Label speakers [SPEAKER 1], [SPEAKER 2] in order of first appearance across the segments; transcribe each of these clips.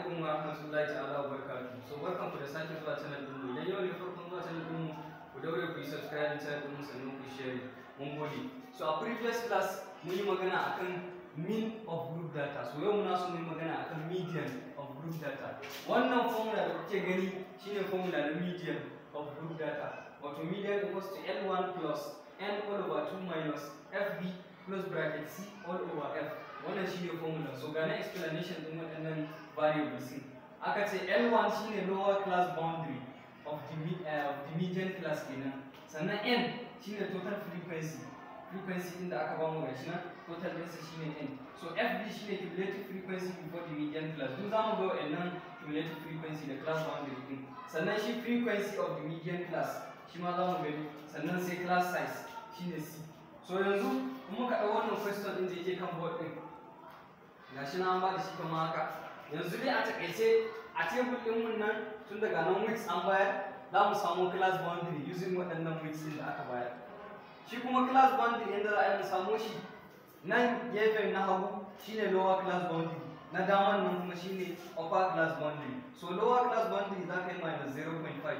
[SPEAKER 1] alaikum wa rahmatullahi ta'ala wa barakatuh so barkan to da sake zuwa channel din mu idan yau ne farkon zuwa channel din ku daure ku yi subscribe channel din mu sannan ku share mun gode so a previous class mun yi magana akan mean of group data so yau muna so mun yi magana akan median of group data wannan formula da kuke gani shine formula na median of group data wato median equals to L1 plus N all over 2 minus FB plus bracket C all over F wannan shi ne formula so ga na explanation din waɗannan variable C. Aka ce L1 shine lower class boundary of the, uh, of the median class kenan. Sannan N shine total frequency. Frequency din da aka ba mu gashi nan total frequency shine N. So FB shine cumulative frequency before the median class. Duk zamu ga wannan cumulative frequency da class boundary din. Sannan shi frequency of the median class shi ma za mu gani. Sannan sai class size shine C. So yanzu in muka ɗau wannan question ɗin je yake kan board ɗin. Gashi na an ba da shi kuma haka. yanzu dai a takaice a tebul din mun nan tun daga nan weeks an bayar za mu samu class boundary using waɗannan weeks da aka bayar shi kuma class boundary yadda za a yi mu samu shi nan gefen na hagu shine lower class boundary na daman nan kuma shine upper class boundary so lower class boundary za ka yi minus 0.5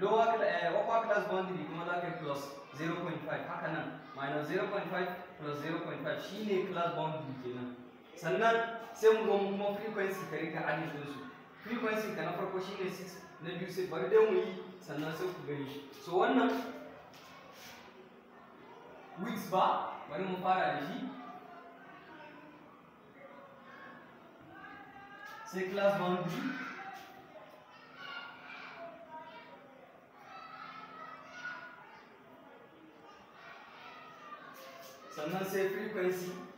[SPEAKER 1] lower eh, upper class boundary kuma za ka yi plus 0.5 haka nan minus 0.5 plus 0.5 shine class boundary kenan sannan sai mu zo kuma frequency ka rika adadin su frequency ka na farko shine 6 na biyu sai bari dai mu yi sannan sai ku gani so wannan weeks ba bari mu fara da shi sai class boundary sannan sai frequency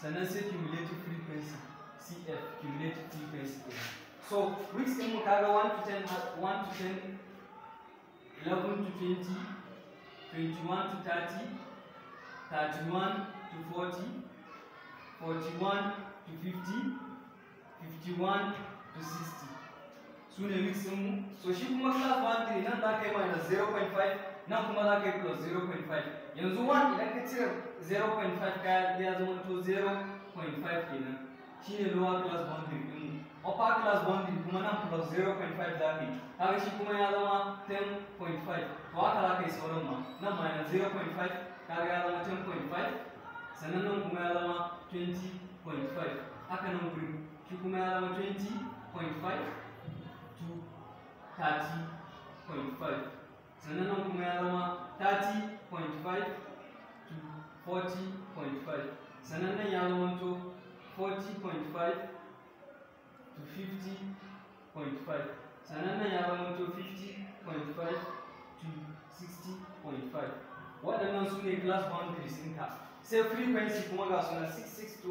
[SPEAKER 1] sannan sai cumulative frequency cf cumulative frequency ɗin so weeks ɗin mu kaga 1 to 10 1 to 10 11 to 20 21 to 30 31 to 40 41 to 50 51 to 60 su ne weeks ɗin mu so shi kuma class 1 3 nan za ka yi minus 0.5 nan kuma za ka yi plus 0.5 yanzu 1 idan ka cire 0.5 kaya ya zama to 0.5 kenan shi ne lower class boundary din upper class boundary kuma nan plus 0.5 za ka yi kaga shi kuma ya zama 10.5 to haka za ka yi sauran ma nan minus 0.5 kaga ya zama 10.5 sannan nan kuma ya zama 20.5 haka nan gurin shi kuma ya zama 20.5 to 30.5 sannan nan kuma ya zama 30.5 to 40.5 sannan nan ya zama to 40.5 to 50.5 sannan nan ya zama 50.5 to 60.5 waɗannan su ne class boundaries ɗinka sai frequency kuma ga suna 6 6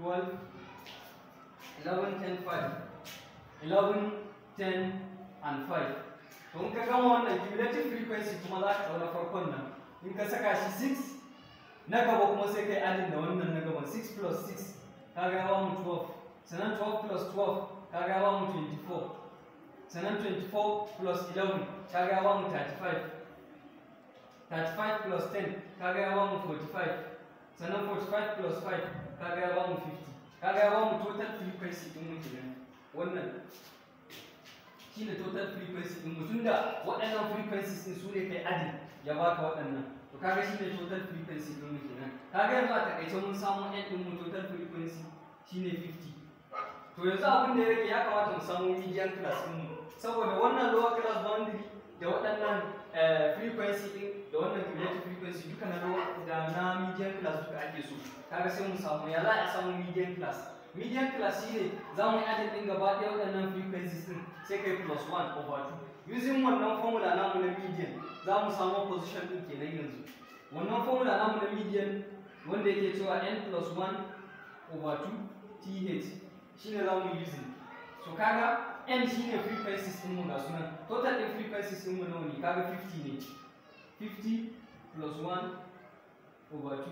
[SPEAKER 1] 12 11 10 5 11 10 and 5 to in ka gama wannan cumulative frequency kuma za ka ɗau farkon nan in ka saka shi 6 na gaba kuma sai kai adin da wannan na gaban 6 plus 6 ka ga ba mu 12 sannan 12 plus 12 ka ga ba mu 24 sannan 24 plus 11 ka ga ba mu 35 35 plus 10 ka ga ba mu 45 sannan 45 plus 5 ka ga ba mu 50 ka ga ba mu total frequency din mu kenan wannan shine total frequency din mutum da waɗannan frequencies din su ne kai adin ya baka waɗannan to kaga shine total frequency din mu nan kaga yanzu a takaice mun samu n din mu total frequency shine 50 to yanzu abin da yake ya kamata mu samu median class din mu saboda wannan lower class boundary da waɗannan eh, frequency din da wannan creative frequency duka na lower da na median class duka ake so kaga sai mu samu ya za a samu median class median class shine za mu yi adin ɗin gaba ɗaya waɗannan frequencies ɗin sai kai plus 1 over 2 using wannan formula namu na median za mu samu position ɗin kenan yanzu wannan formula namu na median wanda yake cewa n plus 1 over 2 th shine za mu using so kaga n shine frequencies ɗin mu ga sunan total ɗin frequencies ɗin mu nawa ne kaga 50 ne 50 plus 1 over 2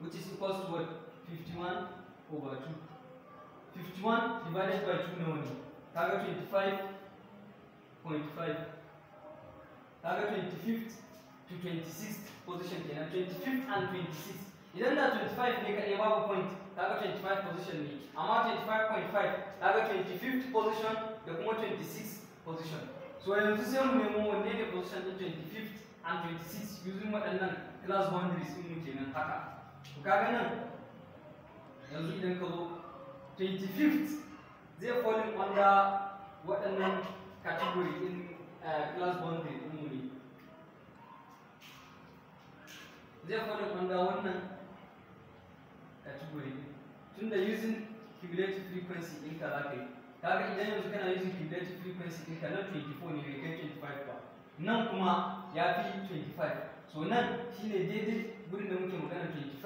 [SPEAKER 1] which is equals to what 51 over 2 51 divided by 2 nawa ne kaga 25.5 target 25th to 26th position 25th and 26th idan da 25 ne kaɗai babu point kaga 25 position ne amma 25.5 target 25th position da kuma 26th position so yanzu sai mu nemo wanne ne position din 25th and 26th using waɗannan class boundaries mu kenan haka to kaga nan yanzu idan ka zo 25th zai falling under waɗannan category in eh, class boundary ɗin mu ne zai falling under wannan category tunda using cumulative frequency in ka za yi kaga idan yanzu kana using cumulative frequency in ka nan 24 ne bai kai 25 ba nan kuma ya fi 25 so nan shine daidai gurin da muke magana 25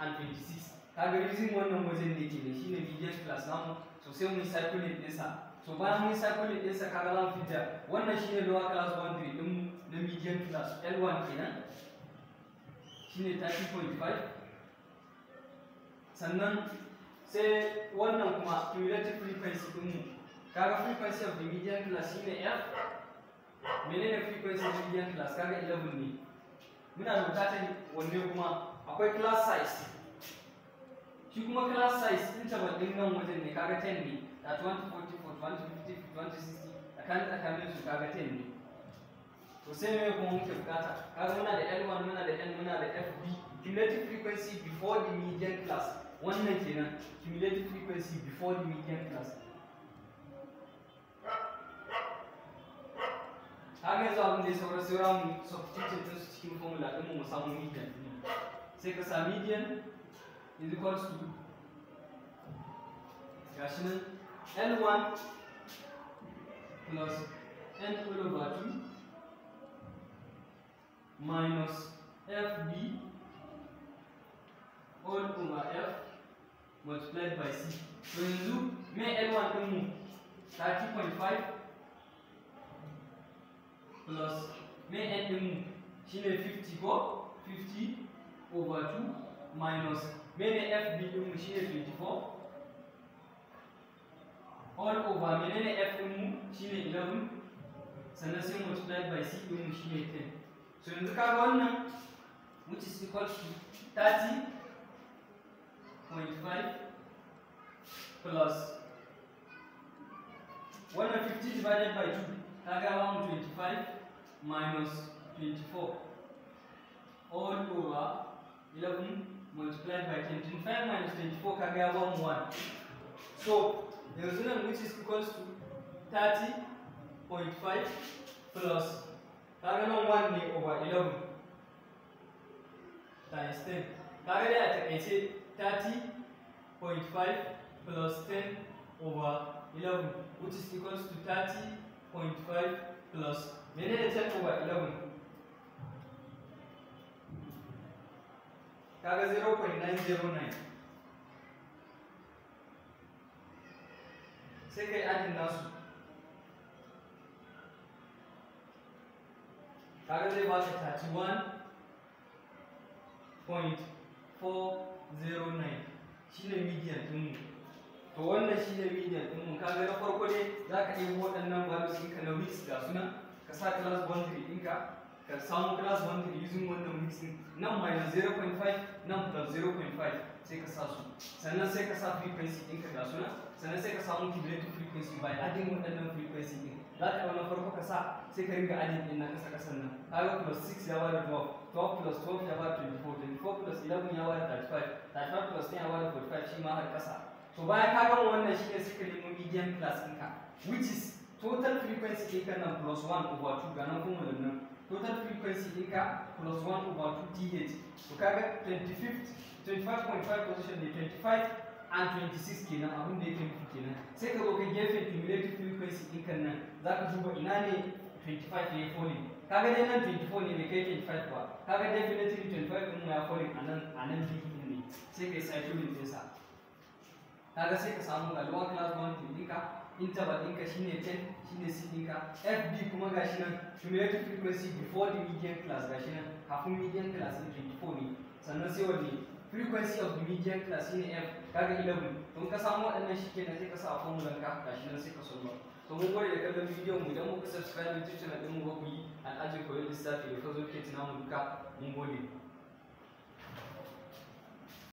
[SPEAKER 1] and 26 kaga using wannan wajen da yake ne shine VDH plus namu so sai mun circulate ɗinsa so bayan mun circulate ɗinsa kaga za mu fita wannan shine lower class boundary ɗin na median class L1 kenan shine 30.5 sannan sai wannan kuma cumulative frequency mu kaga frequency of the median class shine F menene frequency of the median class kaga 11 ne muna da bukatar wanne kuma akwai class size shi kuma class size din tabar ɗin nan wajen ne kaga 10 ne da 2040 2050 2060 tsakanin tsakanin su kaga 10 ne to sai me kuma muke bukata kaga muna da L1 muna da N muna da FB cumulative frequency before the median class wannan kenan cumulative frequency before the median class kaga yanzu abin da ya saura sai mu substitute su cikin formula ɗin mu samu median sai ka sa median is equals to rational L1 plus N all over 2 minus FB all over F multiplied by C. So yanzu may L1 ɗin mu 30.5 plus may N ɗin mu shine 50 ko 50 over 2 minus mene f din mu shine 24 all over ne f din mu shine 11 sannan sai multiply by c din mu shine 10 so yanzu kaga wannan which is equal to 30.5 plus wannan 50 divided by 2 ta gaba mu 25 minus 24 all over 11 multiplied by 25 minus 24 kaga ya ba mu 1 so yanzu nan which is equals to 30.5 plus kaga nan 1 over 11 times 10 kaga dai a takaice 30.5 plus 10 over 11 which is equals to 30.5 plus many 10 over 11 kaga 0.909 sai kai adin nasu kaga zai ba ka 31.409 shine median din to wannan shine median din mu kaga na farko dai zaka ɗebo waɗannan values ɗinka na weeks ga suna ka sa class ka samu class 1 3 using wannan mixing nan minus 0.5 nan plus 0.5 sai ka sa su sannan sai ka sa frequency ɗinka ga suna sannan sai ka samu cumulative frequency by adding waɗannan frequency ɗin za ka farko ka sa sai ka ringa adding ɗin na ƙasa ƙasan nan kaga plus 6 ya da 12 12 plus 12 ya bada 24 24 plus 11 ya bada 35 35 plus 10 ya bada 45 shi ma har ƙasa to bayan ka gama wannan shi ne suka nemo median class ɗinka which is total frequency ɗinka plus 1 over ga nan kuma total frequency ɗinka plus 1 over 2 th to kaga 25.5 position ne 25 and 26 kenan abun da yake nufi kenan sai ka zo ka gefen cumulative frequency ɗinkan nan za ka duba ina ne 25 ya fone kaga dai nan 24 ne bai kai 25 ba kaga definitely 25 ɗin ya fone a nan a nan biyu ne sai ka yi cycling ɗinsa kaga sai ka samu ga lower class interval ɗinka shine 10 shine ne ɗinka fb kuma gashi nan cumulative frequency before the median class gashi nan kafin median class ɗin 24 ne sannan sai wanne frequency of the median class shine f kaga 11 don ka samu waɗannan shi kenan sai ka sa formula ka gashi nan sai ka solve to mun gode da kallon bidiyon mu idan muka subscribe YouTube channel din mu ba ku yi al'ajin koyon lissafi da ka zo ke tunamu duka mun gode